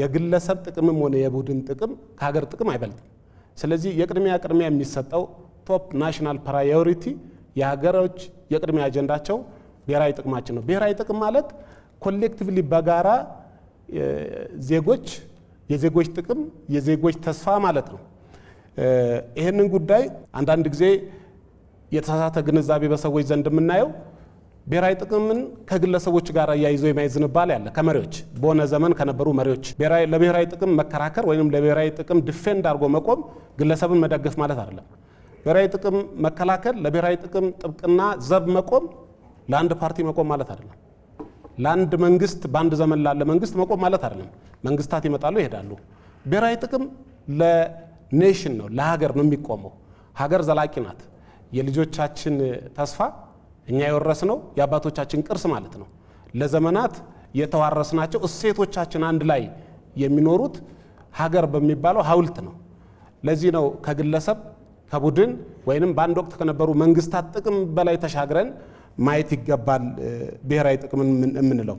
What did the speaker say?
የግለሰብ ጥቅምም ሆነ የቡድን ጥቅም ከሀገር ጥቅም አይበልጥም። ስለዚህ የቅድሚያ ቅድሚያ የሚሰጠው ቶፕ ናሽናል ፕራዮሪቲ የሀገሮች የቅድሚያ አጀንዳቸው ብሔራዊ ጥቅማችን ነው። ብሔራዊ ጥቅም ማለት ኮሌክቲቭሊ በጋራ ዜጎች የዜጎች ጥቅም የዜጎች ተስፋ ማለት ነው። ይህንን ጉዳይ አንዳንድ ጊዜ የተሳሳተ ግንዛቤ በሰዎች ዘንድ የምናየው ብሔራዊ ጥቅምን ከግለሰቦች ጋር አያይዞ የማየት ዝንባሌ ያለ ከመሪዎች በሆነ ዘመን ከነበሩ መሪዎች ለብሔራዊ ጥቅም መከራከር ወይም ለብሔራዊ ጥቅም ዲፌንድ አድርጎ መቆም ግለሰብን መደገፍ ማለት አይደለም። ብሔራዊ ጥቅም መከላከል፣ ለብሔራዊ ጥቅም ጥብቅና ዘብ መቆም ለአንድ ፓርቲ መቆም ማለት አይደለም። ለአንድ መንግስት፣ በአንድ ዘመን ላለ መንግስት መቆም ማለት አይደለም። መንግስታት ይመጣሉ ይሄዳሉ። ብሔራዊ ጥቅም ለኔሽን ነው፣ ለሀገር ነው የሚቆመው። ሀገር ዘላቂ ናት። የልጆቻችን ተስፋ እኛ የወረስነው የአባቶቻችን ቅርስ ማለት ነው። ለዘመናት የተዋረስናቸው እሴቶቻችን አንድ ላይ የሚኖሩት ሀገር በሚባለው ሀውልት ነው። ለዚህ ነው ከግለሰብ ከቡድን ወይንም በአንድ ወቅት ከነበሩ መንግስታት ጥቅም በላይ ተሻግረን ማየት ይገባል ብሔራዊ ጥቅምን የምንለው።